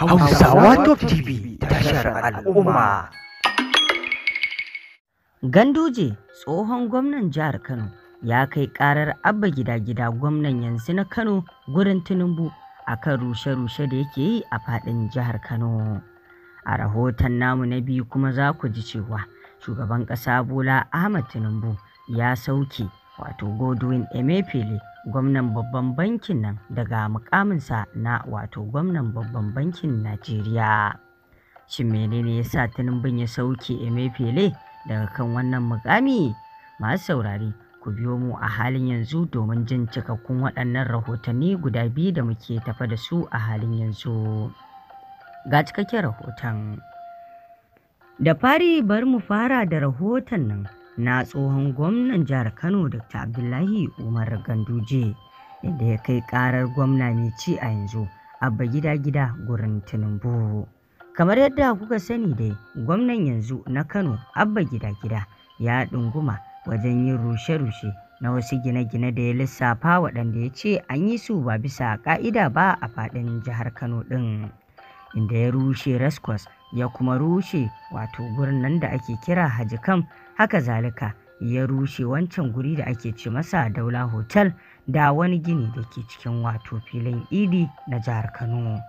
Hausawa Top TV tashar al'umma. Ganduje tsohon gwamnan jihar Kano ya kai karar abba gida-gida gwamnan yanzu na Kano gurin Tinubu kan rushe-rushe da yake yi a fadin jihar Kano. A rahoton namu na biyu kuma za ku ji cewa shugaban ƙasa Bola Ahmad Tinubu ya sauke wato Godwin Emefiele gwamnan babban bankin nan daga mukaminsa na wato gwamnan babban bankin Najeriya. Shin menene ya sa Tinubu ya sauke emefele daga kan wannan mukami? Masu saurari ku biyo mu a halin yanzu domin jin cikakkun waɗannan rahotanni guda biyu da muke tafa da su a halin yanzu. Ga cikakken rahoton. Da fari bari mu fara da rahoton nan na tsohon gwamnan jihar Kano Dr. Abdullahi Umar Ganduje inda ya kai karar gwamna mai ci a yanzu abba gida gida gurin Tinubu. Kamar yadda kuka sani dai gwamnan yanzu na Kano abba gida gida ya ɗunguma wajen yin rushe-rushe na wasu gine-gine da ya lissafa waɗanda ya ce an yi su ba bisa ƙa'ida ba a faɗin jihar Kano ɗin inda ya rushe Raskos ya kuma rushe wato gurin nan da ake kira Haji haka zalika ya rushe wancan guri da ake ce masa daula hotel da wani gini da ke cikin wato filin idi na jihar kano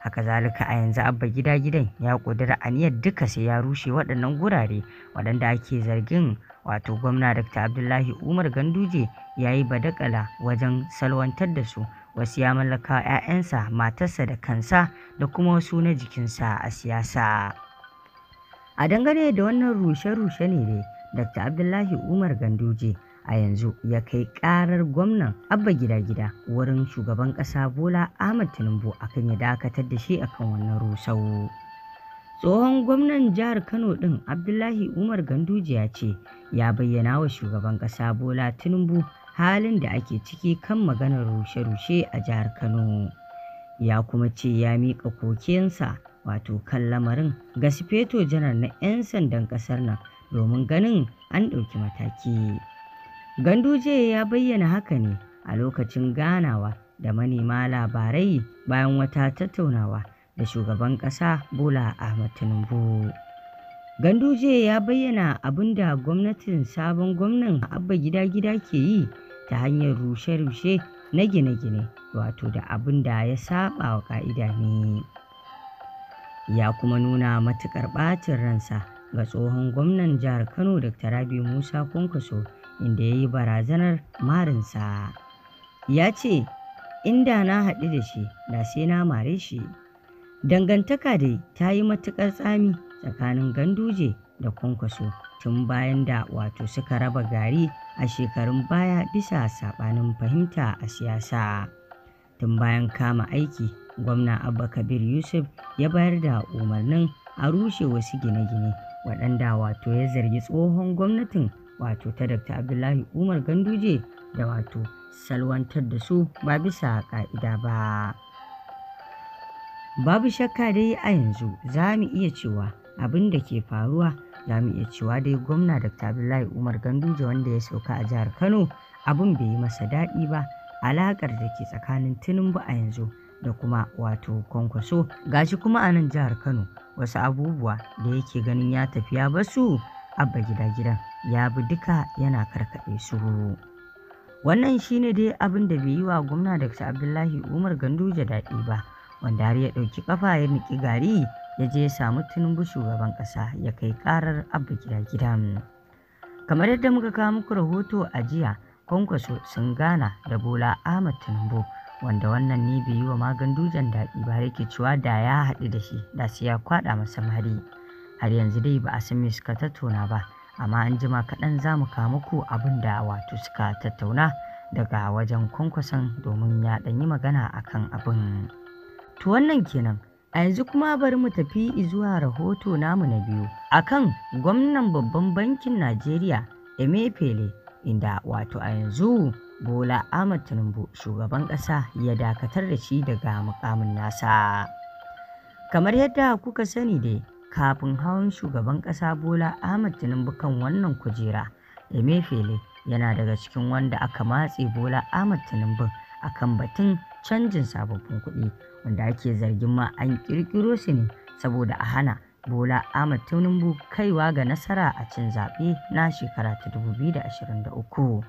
haka zalika a yanzu abba gida gidan ya kudura aniyar duka sai ya rushe waɗannan gurare waɗanda ake zargin wato gwamna dr abdullahi umar ganduje ya yi badakala wajen salwantar da su wasu ya mallaka 'ya'yansa matarsa da kansa da kuma wasu na jikinsa a siyasa a dangane da wannan rushe-rushe ne dai Dr. Abdullahi Umar Ganduje a yanzu ya kai karar gwamnan abba gida gida wurin shugaban ƙasa Bola Ahmad Tinubu akan ya dakatar da shi akan wannan rusau. tsohon gwamnan jihar kano ɗin abdullahi umar ganduje ya ce ya bayyana wa shugaban ƙasa bola tinubu halin da ake ciki kan maganar rushe-rushe a jihar kano ya kuma ce ya miƙa kokensa wato kan lamarin ga sifeto janar na 'yan sandan kasar nan domin ganin an ɗauki mataki. Ganduje ya bayyana haka ne a lokacin ganawa da manema labarai bayan wata tattaunawa da shugaban ƙasa Bola Ahmad Tinubu. Ganduje ya bayyana abin da gwamnatin sabon gwamnan abba gida-gida ke yi ta hanyar rushe-rushe na gine-gine wato da abin da ya saba wa ka'ida ne. ya kuma nuna matuƙar ɓacin ransa ga tsohon gwamnan jihar kano dr rabi musa kwankwaso inda ya yi barazanar marinsa ya ce inda na haɗu da shi da sai na mare shi dangantaka dai ta yi matuƙar tsami tsakanin ganduje da kwankwaso tun bayan da wato suka raba gari a shekarun baya bisa saɓanin fahimta a siyasa. tun bayan kama aiki gwamna abba kabir yusuf ya bayar da umarnin a rushe wasu gine-gine waɗanda wato ya zargi tsohon gwamnatin wato ta dr abdullahi umar ganduje da wato salwantar da su ba bisa ƙa'ida ba babu shakka dai a yanzu za mu iya cewa abin da ke faruwa za mu iya cewa dai gwamna dr abdullahi umar ganduje wanda ya sauka a jihar kano abin bai yi masa daɗi ba alaƙar da ke tsakanin Tinubu a yanzu da kuma wato Kwankwaso gashi kuma a nan jihar Kano wasu abubuwa da yake ganin ya tafiya ya basu abba gida gidan ya bi duka yana karkaɗe su. Wannan shine dai abin da bai yi wa gwamna Dr. Abdullahi Umar Ganduje daɗi ba wanda har ya ɗauki kafa ya niki gari ya je ya samu Tinubu shugaban ƙasa ya kai ƙarar abba gida gidan. Kamar yadda muka kawo muku rahoto a jiya Kwankwaso sun gana da Bola Ahmad, Tinubu, wanda wannan ne bai yi wa Magandujan daɗi ba yake cewa da ya haɗu da shi da sai ya kwaɗa masa mari. Har yanzu dai ba a san me suka tattauna ba, amma an jima kaɗan za mu kawo muku abin da wato suka tattauna daga wajen Kwankwason domin ya ɗan yi magana a kan abin. To wannan kenan. A yanzu kuma bari mu tafi zuwa rahoto namu na biyu akan gwamnan babban bankin Najeriya Emefiele inda wato a yanzu Bola Ahmad Tinubu shugaban ƙasa ya dakatar da shi daga mukamin nasa. Kamar yadda kuka sani dai kafin hawan shugaban ƙasa Bola Ahmad Tinubu kan wannan kujera Emefiele yana daga cikin wanda aka matse Bola Ahmad Tinubu a kan batun canjin sababbin kuɗi wanda ake zargin ma an ƙirƙiro su ne saboda a hana Bola Ahmed Tinubu kaiwa ga nasara a cin zaɓe na shekara ta 2023,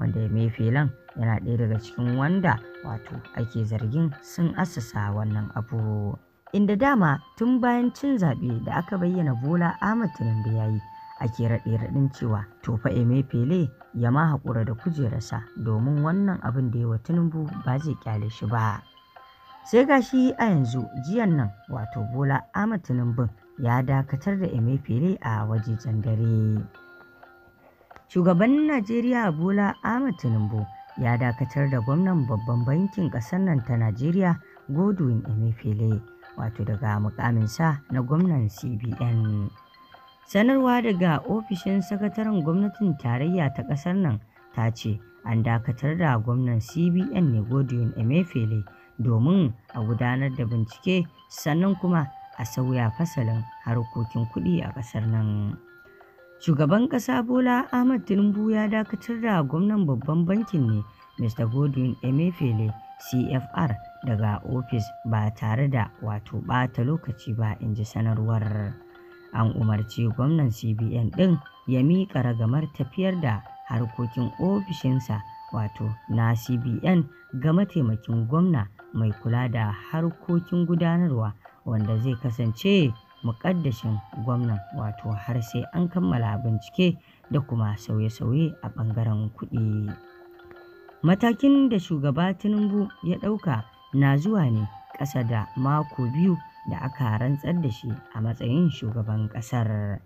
wanda ya filan yana ɗaya daga cikin wanda wato ake zargin sun assasa wannan abu. Inda dama tun bayan cin zaɓe da aka bayyana Bola Ahmed Tinubu ya yayi, ake raɗe-raɗin cewa to fa Emefiele ya ma haƙura da kujerarsa domin wannan abin da yawa wa Tinubu ba zai ƙyale shi ba. Sai gashi a yanzu jiyan nan wato Bola Ahmed Tinubu ya dakatar da Emefiele a wajejen dare. Shugaban Najeriya Bola Ahmed Tinubu ya dakatar da gwamnan babban bankin ƙasar nan ta Najeriya Godwin Emefiele wato daga mukaminsa na gwamnan CBN. Sanarwa daga ofishin sakataren gwamnatin tarayya ta ƙasar nan ta ce an dakatar da gwamnan CBN ne Godwin Emefiele domin a gudanar da bincike sannan kuma a sauya fasalin harkokin kuɗi a ƙasar nan. Shugaban ƙasa Bola Ahmad Tinubu ya dakatar da gwamnan babban bankin ne Mr. Godwin Emefiele CFR daga ofis ba tare da wato ɓata lokaci ba in ji sanarwar. An umarci gwamnan CBN ɗin ya miƙa ragamar tafiyar da harkokin ofishinsa wato na CBN ga mataimakin gwamna mai kula da harkokin gudanarwa wanda zai kasance muƙaddashin gwamnan wato har sai an kammala bincike da kuma sauye-sauye a ɓangaren kuɗi. Matakin da shugaba Tinubu ya ɗauka na zuwa ne ƙasa da mako biyu da aka rantsar da shi a matsayin shugaban ƙasar.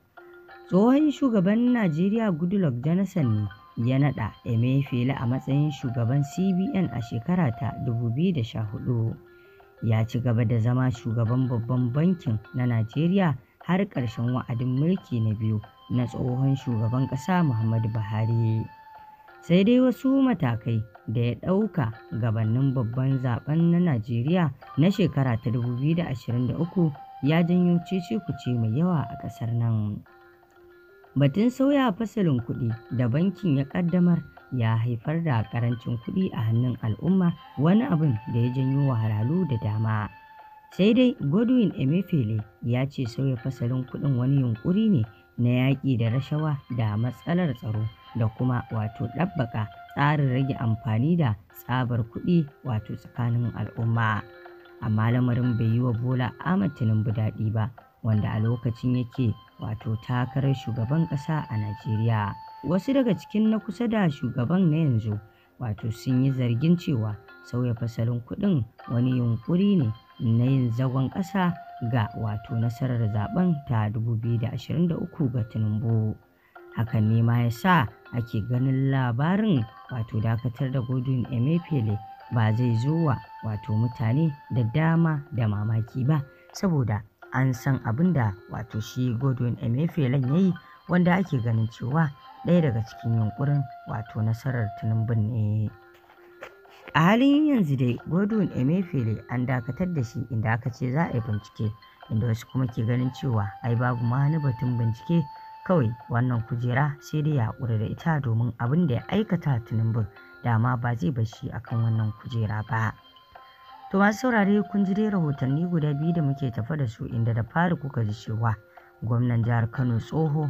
Tsohon shugaban Najeriya Goodluck Jonathan ne ya naɗa Emefiele a matsayin shugaban CBN a shekara ta 2014. ya ci gaba da zama shugaban babban bankin na Najeriya har ƙarshen wa'adin mulki na biyu na tsohon shugaban ƙasa Muhammadu Buhari. Sai dai wasu matakai da ya ɗauka gabanin babban zaben na Najeriya na shekara ta 2023 ya janyo cece-kuce mai yawa a ƙasar nan. Batun sauya fasalin kuɗi da bankin ya ƙaddamar ya haifar da karancin kuɗi a hannun al'umma wani abin da ya janyo wahalhalu da dama. Sai dai Godwin Emefiele ya ce sauya fasalin kuɗin wani yunƙuri ne na yaƙi da rashawa da matsalar tsaro da kuma wato ɗabbaka tsarin rage amfani da tsabar kuɗi wato tsakanin al'umma. Amma lamarin bai yi wa Bola Ahmad Tinubu daɗi ba wanda a lokacin yake wato takarar shugaban ƙasa a Najeriya. wasu daga cikin na kusa da shugaban na yanzu wato sun yi zargin cewa sauya fasalin kuɗin wani yunkuri ne na yin zagon ƙasa ga wato nasarar zaben ta 2023 ga tinubu hakan ne ma ya sa ake ganin labarin wato dakatar da godwin emefiele ba zai zo wa wato mutane da dama da mamaki ba saboda an san abin da wato shi godwin emefiele ya yi wanda ake ganin cewa ɗaya daga cikin yunƙurin wato nasarar tunumbin ne. A halin yanzu dai Godwin Emefiele an dakatar da shi inda aka ce za a yi bincike, inda wasu kuma ke ganin cewa ai babu ma wani batun bincike kawai wannan kujera sai dai ya haƙura da ita domin abin da ya aikata tunumbin dama ba zai bar shi akan wannan kujera ba. To masu saurare kun ji dai rahotanni guda biyu da muke tafa da su inda da fari kuka ji cewa gwamnan jihar Kano tsoho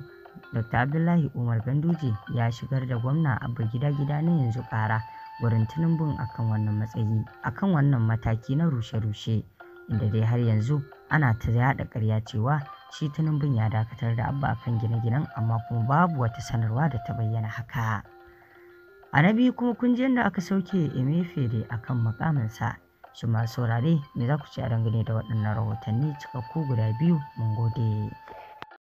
Dr. Abdullahi Umar Ganduje ya shigar da gwamna abu Gida-Gida na yanzu ƙara wurin Tinubu akan wannan matsayi akan wannan mataki na rushe-rushe inda dai har yanzu ana ta yaɗa ƙarya cewa shi tunumbun ya dakatar da Abba akan gine-ginen amma kuma babu wata sanarwa da ta bayyana haka. A na biyu kuma kun da aka sauke Emefiele akan makaminsa Shi masu saurare me za ku ci a dangane da waɗannan rahotanni cikakku guda biyu mun gode.